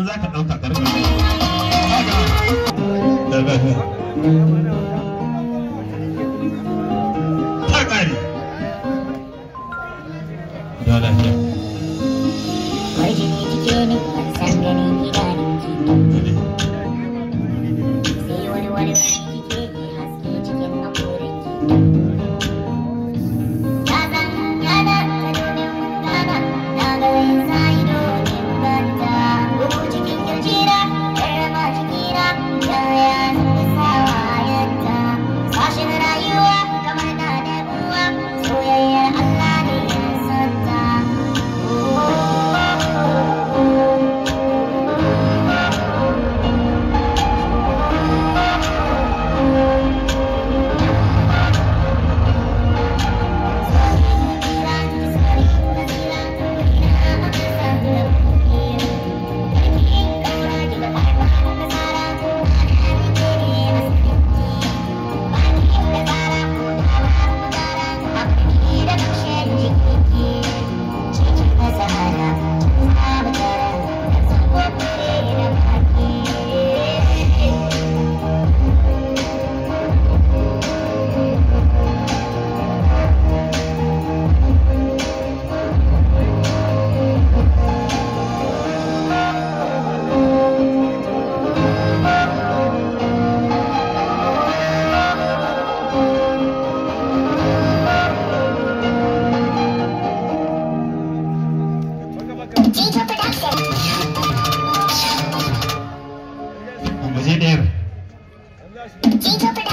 in za ka ɗauka ƙarfi ta ƙari Jacob Production. Jacob Production.